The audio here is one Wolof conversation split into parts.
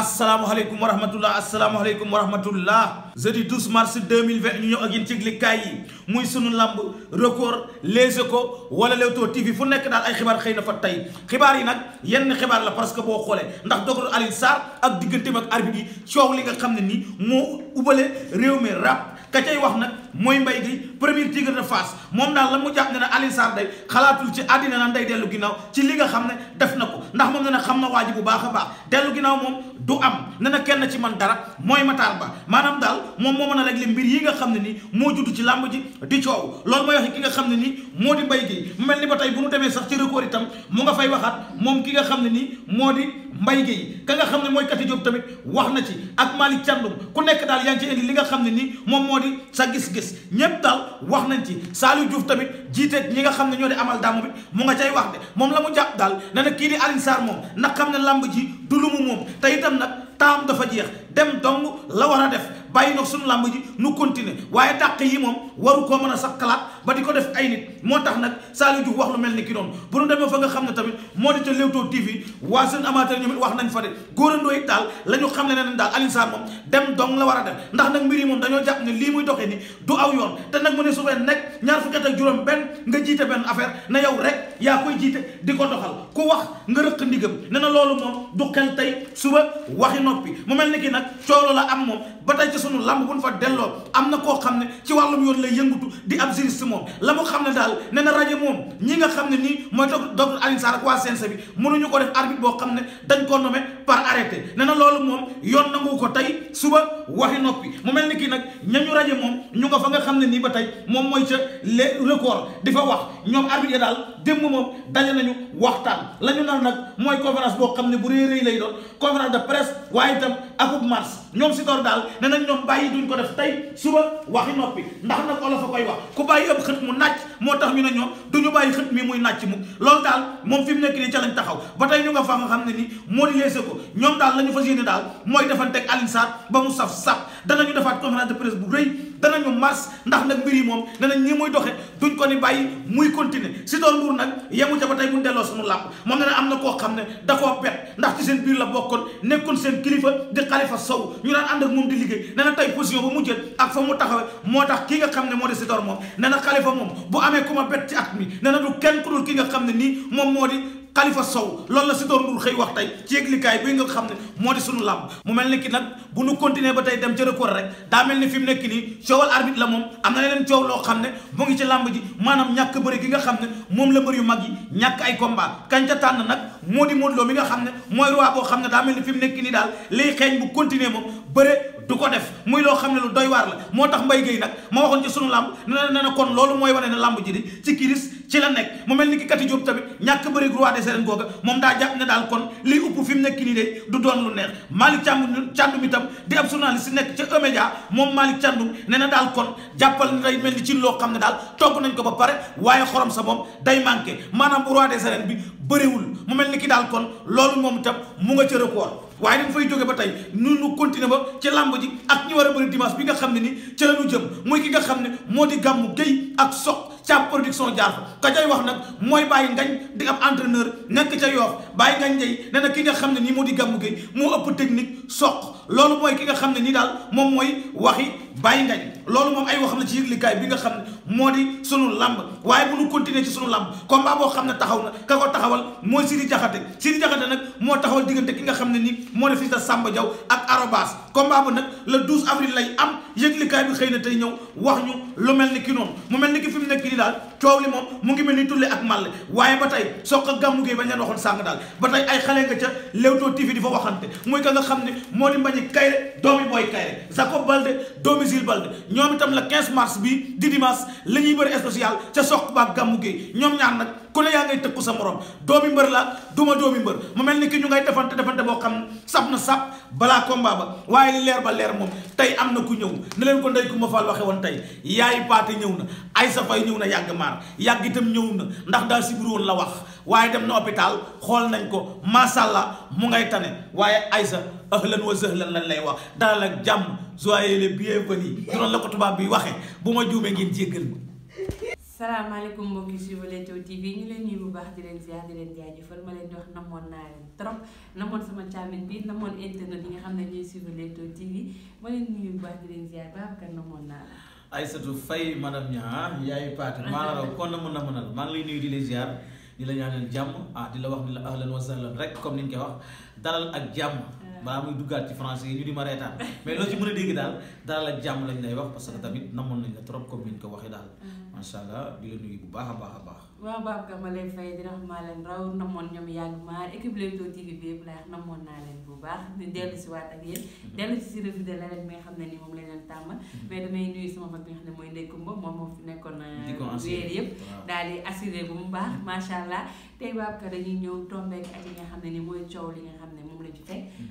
asalaamaaleykum wa rahmatullah asalaamaaleykum wa rahmatullah jeudi 12 mars 2020 ñu ñëw ak yéen ci yëglikaay yi muy sunu lamb record les échos wala Leewtoo TV fu nekk daal ay xibaar xëy na fa tey xibaar yi nag yenn xibaar la parce que boo xoolee ndax docteur Alioune Sarr ak digganteem ak arbitre yi coow li nga xam ne nii moo ubale réew mi rap ka cay wax nag mooy mbay Guèye premier tigre na faas moom daal la mu jàpp na na Alioune Sarr xalaatul ci àddina naan day dellu ginnaaw ci li nga xam ne def na ko ndax moom ne na xam na waa ji bu baax a baax dellu ginnaaw moom du am ne na kenn ci man dara mooy Matar Ba maanaam daal moom moo mën a régler mbir yi nga xam ne nii moo judd ci làmb ji di coow loolu mooy wax ki nga xam ne nii moo di mbay Guèye mu mel ni ba tey bu mu demee sax ci record itam mu nga fay waxaat moom ki nga xam ne nii moo di Mbaye Guèye ka nga xam ne mooy Kati Diop tamit wax na ci ak Malick Thiandoum ku nekk daal yaa ngi ci indi li nga xam ne nii moom moo di sa gis-gis ñépp daal wax nañ ci Saliou Diouf tamit jiiteeg ñi nga xam ne ñoo di amal daamu bi mu nga cay wax de moom la mu jàpp daal ne na kii di Alioune Sarr moom nag xam ne làmb ji du lu mu moom tey itam nag taam dafa jeex dem dong la war a def bàyyi nag suñu làmb ji nu continuer waaye dàq yi moom waru koo mën a sax xalaat ba di ko def ay nit moo tax nag Saliou wax lu mel ni ki doon bu nu fa nga xam ne tamit moo di ca Leewtoo TV waa wax nañ fa de góorandoo it la xam ne ne daal Alioune Sarr moom dem dong la war a dem ndax nag mbir dañoo jàpp ne lii muy doxee ni du yoon te nag mu juróom benn nga jiite benn affaire na yow rek yaa koy jiite di ko doxal ku wax nga rëq ndigam ne na loolu moom du xel tey suba waxi noppi mu mel ni ki nag coolo la am moom ba tey ci sunu lamb bu ñu fa delloo am na koo xam ne ci wàllum yoon lay yëngutu di ab juriste moom la mu xam ne daal nee na rajo moom ñi nga xam ne nii mooy docteur Alioune Sarr ak waa CNG bi mënuñu ko def arbitre boo xam ne dañ ko nommé par arrêté nee na loolu moom yoon nangu ko tey suba waxi noppi mu mel ni kii nag ñañu rajo moom ñu nga fa nga xam ne nii ba tey moom mooy ca les records di fa wax ñoom arbitre daal démb moom daje nañu waxtaan la ñu nar nag mooy conférence boo xam ne bu rëy rëy lay doon conférence de presse waaye itam akub mars ñoom si door daal ne nañ ñoom bàyyi duñ ko def tey suba waxi noppi ndax nag olof a koy wax ku bàyyi ëpp xët mu nàcc moo tax ñu ne ñoom du ñu bàyyi xët mi muy nàcc mu loolu daal moom fi mu nekk nii ca lañ taxaw ba tey ñu nga fa nga xam ne nii moo di leese ko ñoom daal la ñu fas yéene daal mooy defante ak Alioune Sarr ba mu saf saf danañu defaat conférence de presse bu rëy danañu mars ndax nag mbir yi moom ne nañ ñi muy doxe duñ ko ni bàyyi muy continuer si doon mbuur nag yemu ca ba tey buñ delloo suñu làpp moom ne am na koo xam ne da koo ndax ci seen biir la bokkoon nekkoon seen kilifa di xalifa sow ñu daan ànd ak moom di liggéey ne na tey position ba mu jël ak fa mu taxawe moo tax ki nga xam ne moo di si moom ne na xalifa moom bu amee ku ma bet ci at mi ne na du kenn ku dul ki nga xam ne nii moom moo di Khalifa Sow loolu la Sitor Ndour xëy wax tey ci yëglikaay bi nga xam ne moo di suñu làmb mu mel ni ki nag bu nu continuer ba tey dem a record rek daa mel ni fi mu nekk nii coowal arbitre la moom am na leneen coow loo xam ne mu ngi ci maanaam ñàkk bëri gi nga xam ne moom la mbër yu mag yi ñàkk ay combat kañ ca tànn nag moo di Modou Lo nga xam ne mooy roi boo xam ne daa mel ni fi mu nekk nii daal liy xeeñ bu continuer moom bëre du ko def muy loo xam ne lu doy waar la moo tax mbay Guèye nag ma waxoon ci sunu làmb ne ne na kon loolu mooy wane ne làmb ji di ci kiris ci la nekk mu mel ni ki Kati Diop tamit ñàkk bëri roi des arènes googa moom daa jàpp ne daal kon lii upp fi nekk nii de du doon lu neex Malick Thiandoum Thiandoum itam di ab journaliste nekk ca E-Média moom Malick Thiandoum ne na kon jàppal ne day mel ni ci loo xam ne daal togg nañ ko ba pare waaye xorom sa moom day manqué maanaam roi des arènes bi bëriwul mu mel ni ki daal kon loolu moom itam mu nga ca record waaye dañ fay jóge ba tey nun nu continuer ba ci làmb ji ak ñi war a bëri dimanche bi nga xam ne ni ca lañu jëm muy ki nga xam ne moo di gàmmu géy ak soq ca production jaar ka cay wax nag mooy bàyyi ngañ di ab entraîneur nekk ca yoof bàyyi ngañ day nee ki nga xam ne nii moo di gàmmu géey moo ëpp technique soq loolu mooy ki nga xam ne nii daal moom mooy waxi bàyyi ngañ loolu moom ay waxam la ci yëglikaay bi nga xam ne moo di sunu lamb waaye bu ñu continuer ci sunu lamb combat boo xam ne taxaw na ka ko taxawal mooy Sidi Jaxate Sidi Jaxate nag moo taxawal diggante ki nga xam ne nii moo di fils de Samba Diaw ak Arobas combat ba nag le 12 avril lay am yëglikaay bi xëy na tey ñëw wax ñu lu mel ni ki mu mel ni ki fi mu nekk nii daal coow moom mu ngi mel ni tulle ak màlle waaye ba tey soq ak gàmmu gi bañ leen waxoon sàng daal ba tey ay xale nga ca Leewtoo TV di fa waxante muy ka nga xam ne moo di mbañi kayre doomi booy kayre Jacob Balde doomi Zil Balde ñoom itam la 15 mars bi di dimanche la ñuy bëri spécial ca soq ba gàmmu gi ñoom ñaar nag ku ne yaa ngay tëkku sa morom doomi mbër la duma doomi mbër mu mel ni ki ñu ngay defante defante boo xam sab na sab balaa combat ba waaye leer ba leer moom tey am na ku ñëw ne leen ko ndey ku ma faal waxe woon tey yaay paate ñëw na ay sa fay ñëw na yàgg maar yàgg itam ñëw na ndax daa sibir woon la wax waaye dem na hôpital xool nañ ko masàlla mu ngay tane waaye ay sa ahlan wa sahlan lañ lay wax dalal ak jàmm soyez les bienvenus doon la ko bi waxee bu ma juumee ngeen jéggal ma. salaamaaleykum mbokki suivre Leewtoo TV ñu leen nuyu bu baax di leen ziar di leen jaajëfal ma leen di wax namoon naa leen trop namoon sama càmmiñ bi namoon internet yi nga xam ne ñuy suivre Leewtoo TV ma leen nuyu bu baax di leen ziar Babacar la. Aïssatou Faye madame Niang yaay Paate maa la kon na mën na lay nuyu di la ziar la ñaanal jàmm ah di la wax ni la ahlan wa sahlan rek comme ni ñu koy wax dalal ak jàmm. balaa muy duggaat ci français yi ñu di ma reetaan mais loolu ci mën a dégg daal daal la jàmm lañ lay wax parce que tamit namoon nañ na trop comme ni ñu ko waxee daal mm. macha baax a baax a baax waaw Babacar ma leen fay di rax maa leen raw namoon ñoom yàgg maar équipe Leewtoo TV naa leen bu baax di mm-hmm. dellu si waat ak yéen mm-hmm. dellu si si revue de l'arène bi nga xam ne ni moom lañ leen tàmmal mm-hmm. mais damay nuyu sama fan bi mooy Ndeye Coumba moom moo fi nekkoon euh, weer yëpp daal baax macha allah tey Babacar dañuy ñëw tombeek ak yi nga xam ne ni mooy coow li nga xam ne moom la ñu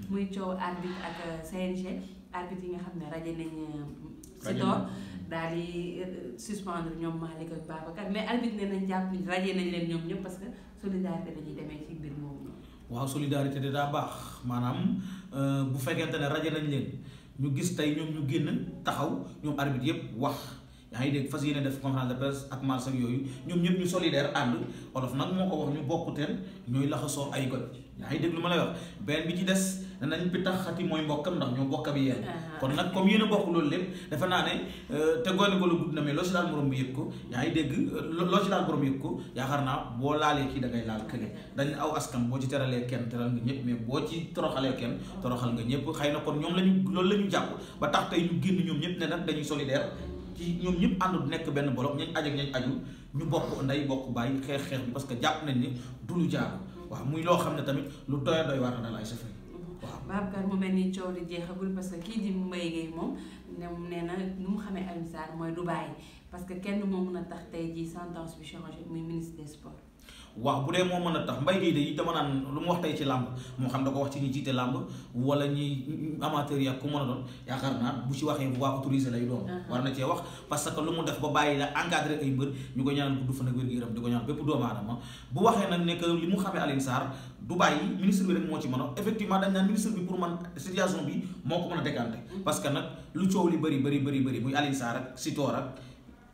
muy coow arbitre ak euh, CNG arbitre yi nga xam ne rajo euh, nañ Sitor daal di euh, suspendre ñoom Malick ak Babacar mais arbitre ne nañ jàpp ni rajo nañ leen ñoom ñëpp parce que solidarité mbir moomu waaw solidarité de daa baax maanaam bu fekkente ne rajo nañ leen ñu gis tey ñoom ñu génn taxaw ñoom arbitre yëpp wax yaa ngi dégg fas yéene def conférence de ak marché yooyu ñoom ñëpp ñu solidaire ànd olof nag moo ko wax ñu bokkuteel ñooy laxasoo ay goj yaa ngi dégg lu ma lay wax benn bi ci des nañ bi tax xati mooy mbokkam ndax ñoo mbokk bi yéen uh-huh. kon nag comme yéen a bokk loolu lépp dafa naa ne euh, te goone ko lu gudd na mais loo ci laal morom ko yaa ngi dégg euh, loo ci ko yaakaar naa boo laalee kii da ngay laal kële dañ aw askan boo ci teralee kenn teral boo ci toroxalee kenn toroxal nga ñëpp xëy na kon ñoom la ñu loolu la ñu jàpp ba tax tey ñu génn ñoom ñëpp ne dañuy solidaire ci ñoom ñëpp ànd nekk benn bolok ñañ aj ak ñañ aju ñu bokk nday bokk bàyyi xeex xeex bi parce que jàpp nañ ni du lu jaar waaw muy loo xam ne tamit lu doy doy waar na daal ay Babacar mu mel nii coow di jeexagul parce que kii di Mbaye Guèye moom ne nee na lu mu xamee Alioune Sarr mooy du bàyyi parce que kenn moo mun a tax tey jii sentence bi changé muy ministre des sports waaw bu dee moo mën a tax mbay gii day dama naan lu mu wax tey ci làmb moo xam da ko wax ci ñi jiite làmb wala ñi amateur ya ku mën a doon yaakaar naa bu ci waxee bu waa autorisé lay doon uh-huh. war na cee wax parce que lu mu def ba bàyyi la encadré ay mbër ñu ko ñaanal gudd fan ak wér gu yaram di ko ñaan bépp doomu aadama bu waxee nag nekk li mu xamee Alioune Sarr du bàyyi ministre bi rek moo ci mën a effectivement dañ naan ministre bi pour man situation bi moo a décanté mm-hmm. parce que nag bëri bëri bëri bëri muy Alioune Sarr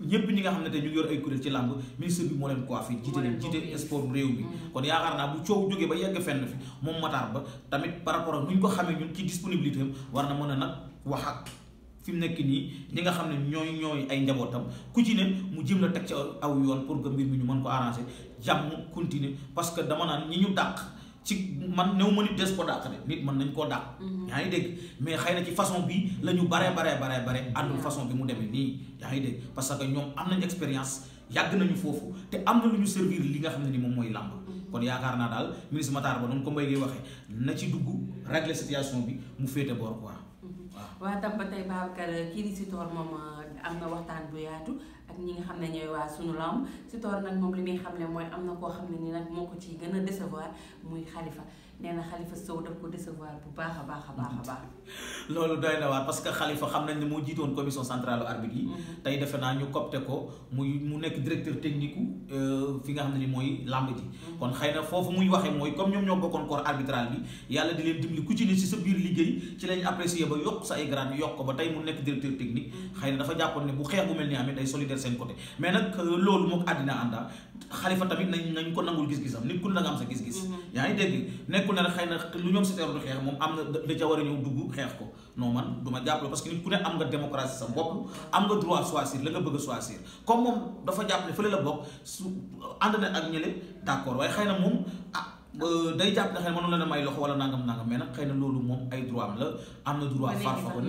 ñëpp ñi nga xam ne tey ñu ngi yor ay kuréel ci làmb ministre bi moo leen coiffé jiite leen jiite sport réew mi mm-hmm. kon yaakaar naa bu coow jógee ba yegg fenn fi moom Matar Ba tamit par rapport ak nu ñu ko xamee ñun ci disponibilité war na mën a nag wax ak fi mu nekk nii ñi nga xam ne ñooy ñooy ay njabootam ku ci mu jëm la teg ci aw yoon pour que mbir mi ñu mën ko arranger jàmm continuer parce que dama naan ñi ñu dàq ci man néew ma nit des ko dàq de nit man nañ koo dàq. Mm-hmm. yaa ngi dégg mais xëy na ci façon bi lañu ñu baree baree baree baree àndul façon bi mu demee nii yaa ngi dégg parce que ñoom am nañ expérience yàgg nañu foofu te am na lu ñu servir li nga xam ne ni moom mooy làmb. Mm-hmm. kon yaakaar naa daal ministre Matar Ba noonu ko mbay ngay waxee na ci dugg régler situation bi mu féete boor quoi mm-hmm. waaw. waaw tam ba tey Babacar kii di si tool moom euh, am na waxtaan bu yaatu. ak ñi nga xam ne ñooy waa sunu lamb si toor nag moom li muy xamle mooy am na koo xam ne ni nag moo ko ciy gën a ko décevoir bu baax a baax a baax a baax. loolu doy na xalifa xam nañ ne moo jiitoon commission centrale arbitre yi. Mm-hmm. tey defe naa ñu ko mu nekk directeur technique euh, fi nga mooy lamb ji. Mm-hmm. kon xëy na foofu muy waxee mooy comme ñoom ñoo bokkoon corps arbitral bi yàlla di ci ne si sa biir liggéey ci lañ apprécier ba yokk sa ay yokk ba tey mu nekk directeur technique. Mm-hmm. xëy na dafa jàppoon ne bu xeex bu mel ni amee day solidaire seen côté mais nag loolu mook àddina ànda xalifa tamit nañ nañ ko nangul gis-gisam nit ku ne da nga sa gis-gis mm-hmm. yaa ngi dégg nekkul ne rek xëy na lu ñoom seteeru xeex moom am na da ca war a ñëw dugg xeex ko non man du parce que nit ku ne am nga démocratie sa bopp am nga droit choisir la nga bëgg a choisir comme moom dafa jàppale fële la bokk su ànd na ak ñële d'accord waaye xëy na moom ah day jàpp ne xëy na la na may loxo wala nangam nangam mais nag xëy na loolu moom ay droit am la am na droit far ko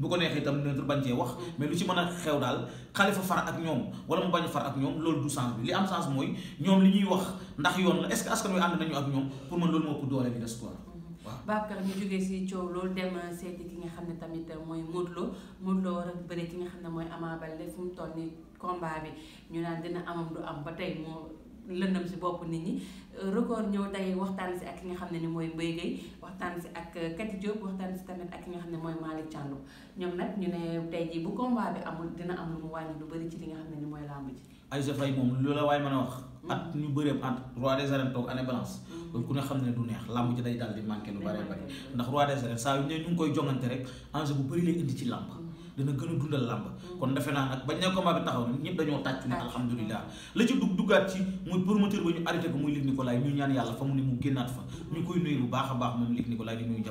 bu ko neexee itam dinañ bañ cee wax mm-hmm. mais lu ci mën a xew daal xalifa far ak ñoom wala mu bañ far ak ñoom loolu du sens bi li am sens mooy ñoom li ñuy wax ndax yoon la est-ce que askan wi ànd nañu ak ñoom pour man loolu moo ëpp doole bi des quoi mm-hmm. waaw Babacar ñu jógee si coow loolu dem seeti ki nga xam ne tamit mooy Modou Lo Modou Lo war a bëre ki nga xam ne mooy Ama Baldé fu mu toll nii combat bi ñu naan dina amam du am ba tey moo lëndëm si bopp nit ñi euh, record ñëw tey waxtaan si ak ki nga xam ne ni mooy Mbaye Gueye waxtaan si ak euh, Kati Diop waxtaan si tamit ak ki nga xam ne mooy Malick Thiandoum ñoom nag ñu ne tey jii bu combat bi amul dina am lu mu wàññi lu bëri ci li nga xam ne ni mooy làmb ji Aïssa Faye moom lu la waaye mën a wax hmm? at ñu bëreem at roi des arènes toog année balance loolu hmm. ku ne xam ne du neex làmb ji day daal di manqué lu bëree bëri ndax roi des arènes saa yu ne ñu ngi koy jongante rek enjeu bu bëri lay indi ci làmb dana gën a dundal làmb kon defe naa nag bañ ne combat bi taxaw na ñëpp dañoo tàcc ne alhamdulilah la ci dug duggaat ci muy promoteur ba ñu arrêté ko muy Luc Nicolaï ñu ñaan yàlla fa mu ne mu génnaat fa ñu koy nuyu bu baax a baax moom Luc Nicolaï di nuyu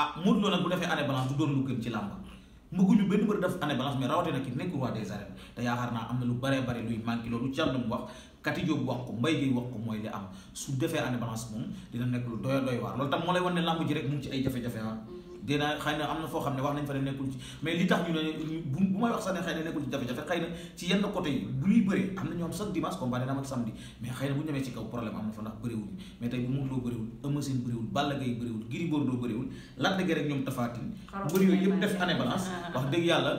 ah lu gën na lu baree bare luy manqué loolu càndum wax kati Diop wax ko mbay gi wax ko mooy li am su defee année balance moom dina nekk lu doy doy loolu tam moo lay wan ne làmb ji rek mu ngi ci ay jafe-jafe ah dina xëy na am na foo xam ne wax nañ fa ne nekkul ci mais li tax ñu ne bu bu may wax sax ne na nekkul ci jafe-jafe xëy ci yenn côté yi bu ñuy bëree am na ñoo am chaque dimanche combat dina mais xëy bu ñu ci kaw problème am na fa ndax bëriwul mais tey bu Modou Lo bëriwul Eumeu Sène bëriwul Balla Gaye bëriwul Gris Bordeaux bëriwul rek ñoom Tapha Tine bëri yooyu yëpp def année balance wax dëgg yàlla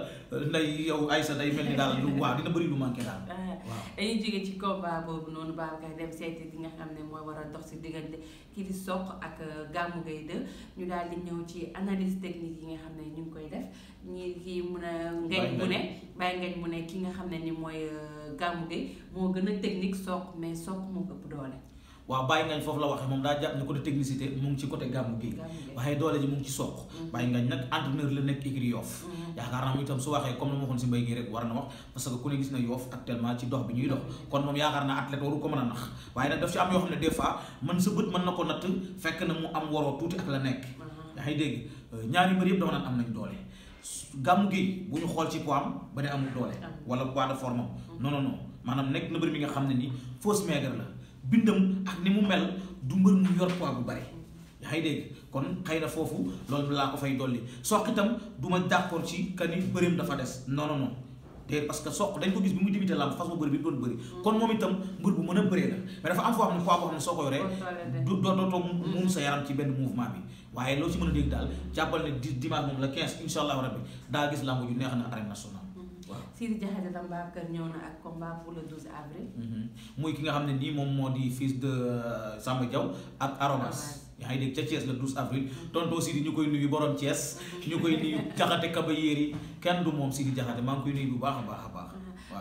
nday yow Aïssa day mel ni daal lu daal ah, dañuy jógee ci combat boobu noonu Babacar dem seeti di nga xam ne mooy war a dox si diggante kii di soq ak euh, Gamou Gueye 2 ñu daal di ñëw ci analyse technique yi nga xam ne ñu ngi koy def ñi kii mun a ngañ mu ne bàyyi ngañ mu ne ki nga xam ne ni mooy euh, Gamou Gueye moo gën a technique Sokh mais Sokh mu ëpp doole waaw bàyyi ngañ foofu la waxee moom daa jàpp ne côté technicité mu ngi ci côté gàmmu gi waxee doole ji mu ngi ci soq mm-hmm. bàyyi ngañ nag entraîneur la nekk écurie Yoff mm-hmm. yaakaar naa mu itam su waxee comme na ma ne gis na Yoff actuellement ci dox bi ñuy dox mm-hmm. kon moom yaakaar naa athlète waru ko a nax waaye nag daf ci am yoo xam ne des na ko natt fekk na mu am waroo tuuti nekk yaa ngi dégg euh, ñaari mbir yëpp am nañ doole gàmmu gi bu ñu xool ci poids am ba ne amul doole wala poids de forme am non non maanaam nekk na mbir mi nga xam ne ni fausse maigre la bindam ak ni mu mel du mbër mu yor poids bu bari yaa ngi kon xëy na foofu loolu laa ko fay dolli soq itam tam ma d'accord ci que ni bëreem dafa des non non non te parce que soq bëri bi doon bëri kon moom itam mbër bu mën a bëree la mais dafa am foo xam ne poids boo xam ne soo ko yoree doo dootoo moom sa yaram ci benn mouvement bi waaye loo ci mën a dégg daal jàppal ne dimanche moom la 15 incha allahu rabbi daa gis làmb ju neex na arène nationale Sidi Diakhaté tam Babacar ñëw na ak combat pour le 12 avril. Mhm. muy ki nga xam ne nii moom moo di fils de euh, Samba Diaw ak Arobas. yaa dégg ca Thiès la 12 avril mhm. tonton Sidi ñu koy nuyu borom Thiès mhm. ñu koy nuyu Diakhaté Kaba Yéri kenn du moom Sidi Diakhaté maa ngi koy nuyu bu baax a baax a baax.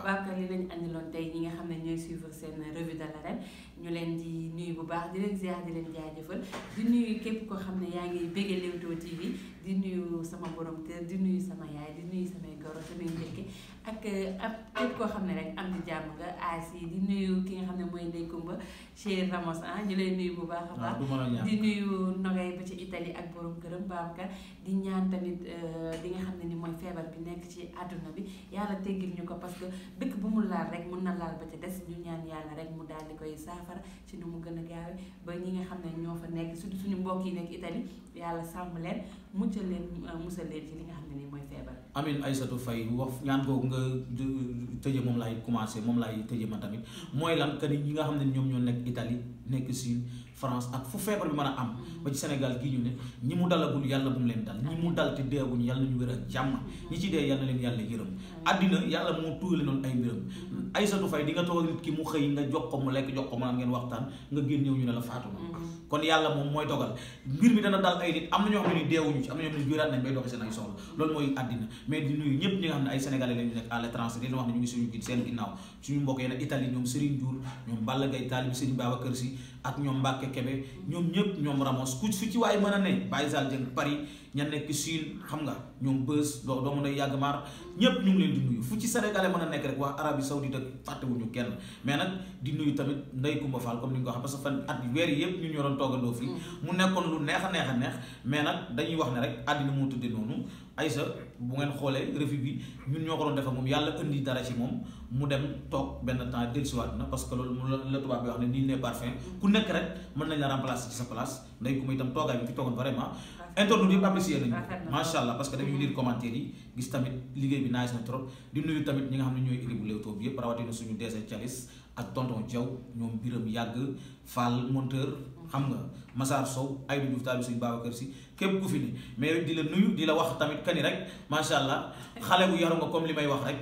waa kër li lañu andiloon tey ñi nga xam ne ñooy suivre seen revue de ñu leen di nuyu bu baax di leen ziar di leen di nuyu képp koo xam ne yaa ngi bëggee Leewtoo TV di nuyu sama borom kër di nuyu sama yaay di nuyu samay goro samay njëkke ak ab képp koo xam ne rek am di jàmm nga aasi di nuyu ki nga xam ne mooy Ndeye Kumba chez Ramos ah ñu leen nuyu bu baax a baax di nuyu nogay ba ci Italie ak borom këram Babacar di ñaan tamit euh, li nga xam ne ni mooy feebar bi nekk ci àdduna bi yàlla teggil ñu ko parce que dëkk bu mu laal rek mun na laal ba ci des ñu ñaan yàlla rek mu daal di koy saafara ci nu mu gën a gaawe ba ñi nga xam ne ñoo fa nekk surtout suñu mbokk yi nekk Italie yàlla sàmm leen muccal leen euh, musal leen ci li nga xam ne ni mooy feebar amin Aïssatou Faye wax ñaan googu nga tëje moom laay commencé moom laay tëje man tamit mm-hmm. mooy lan que nga xam ne ñoom ñoo nekk Italie nekk Chine France ak fu feebar bi man a am ba ci Sénégal gii ñu ne ñi mu dalagul yàlla bu mu leen dal ñi mu dal te deewuñ yàlla ñu wér ak jàmm ñi ci dee yàlla leen yàlla yërëm àddina yàlla moo tuuli noonu ay mbiram ki mu xëy nga jox ko mu lekk jox ko mu naan ngeen waxtaan nga génn ñëw ñu ne la mm-hmm. moom mooy dogal mbir mi dana dal ay nit am na ñoo xam ne ni deewuñu ci am na ñoo xam ne jóoraat nañ bay doxe ne ay sénégalais lañu nekk wax ne ñu ngi suñu seen ginnaaw suñu mbokk yenn Italie ñoom Serigne Diour ñoom Balla Gaye taalib Serigne ak ñoom Mbacke Kebe ñoom ñëpp ñoom Ramos ku fu ci waaye mën a ne Baye Sall jëng Paris ña nekk Chine xam nga ñoom bës doo doo mën a yàgg maar ñëpp ñu ngi leen di nuyu fu ci sénégalais mën a nekk rek waa Arabie Saoudite ak fàttewuñu kenn mais nag di nuyu tamit Ndeye Coumba Fall comme ni nga que fan at weer yëpp ñun ñoo doon toogandoo fii mm. mu nekkoon lu neex a neex a neex mais nag dañuy wax ne rek àddina moo tudde noonu Aïssa bu ngeen xoolee revue bi ñun ñoo ko doon defee moom yàlla indi dara ci moom mu dem toog benn temps dellusiwaat na parce que loolu mu la tubaab bi wax ne nii ne parfum ku nekk rek mën nañ la remplacer ci sa place nday ku ma itam toogaay bi fi toogoon vraiment internet yëpp apprécié nañu macha allah parce que dañuy lire commentaire yi gis tamit liggéey bi nice na trop di nuyu tamit ñi nga xam ne ñooy équipe bu Leewtoo bi yëpp rawatina suñu DG Thialis ak tonton Diaw ñoom Biram Yàgg xam nga Massar Sow ay Diouf taal bi suñu Babacar Si képp ku fi mais di la nuyu di la wax tamit kani rek macha allah xale bu yaru nga comme li may wax rek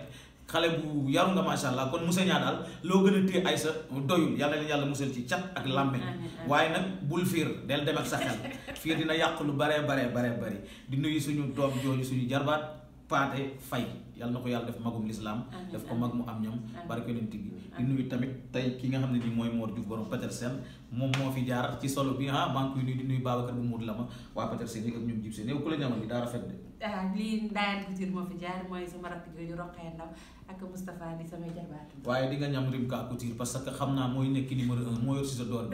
xale bu yaru nga macha allah kon museñaa daal loo gën a téye ay sa doyul yàlla leen yàlla musal ci cat ak làmmeñ waaye nag bul fiir del dem sa xel fiir dina yàq lu baree baree baree bëri di nuyu suñu doom jooju suñu jarbaat paate fay yàlla na ko yàlla def magum lislaam daf ko mag mu am ñam barke yonent bi di nuyu tamit tey ki nga xam ne nii mooy Mor Diouf borom Petersen moo fi jaar ci solo bi ah maa ngi koy nuyu di nuyu la ñamal bi daa rafet de waaw ah, lii mooy sama rakk jooju Roqee Ndaw di nga ñam Rimka parce que xam naa mooy nekk numéro un moo yor si sa door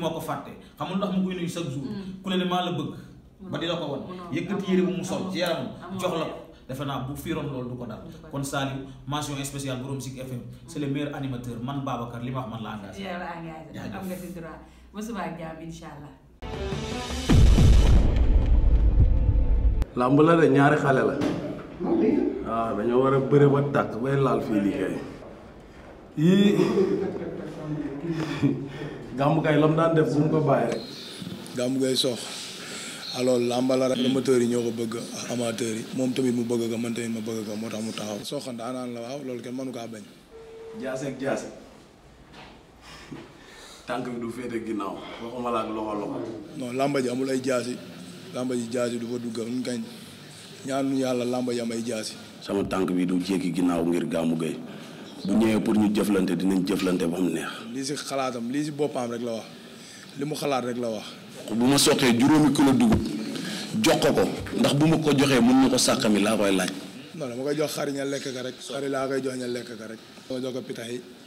ma ko fàtte xam nga ndax ma koy nuyu chaque jour. Mm. ku ne maa la bëgg. ba di la ko won yëkkati yére bu mu sol ci yaram jox la ko defe naa bu fiiroon loolu du ko dal kon Saliou mention spéciale borom Zik FM c'est le meilleur animateur man Babacar li ma wax man la engagé nga ci droit la de ñaari xale la waaw ah, dañoo war a bëre ba tàkk bay laal fii liggéey yii gàmmu kay lam daan def bu mu ko bàyyi rek gàmmu kay sox alors làmba la rek amateurs yi ñoo ko bëgg ak amateurs yi moom tamit mu bëgg ko man tamit ma bëgg ko moo tax mu taxaw Sokh daanaan la waaw loolu kenn mënu kaa bañ jaase ak tànk bi du féete ginnaaw làmba ji amul ay jaasi làmba ji jaasi du fa dugga ñu yàlla làmba ji am ay jaasi sama tànk du jéggi ginnaaw ngir gàmmu gay bu ñëwee pour ñu jëflante dinañ jëflante ba mu neex lii si xalaatam lii si boppam rek la wax li mu xalaat rek la wax bu ma soqee juróomi kilo dugub jox ko ndax bu ma ko joxee mën na ko sàkkami laa koy laaj. non ma koy jox xar ña lekk ka rek. xar laa koy jox ña lekk ka rek. ma jox ko pitax yi.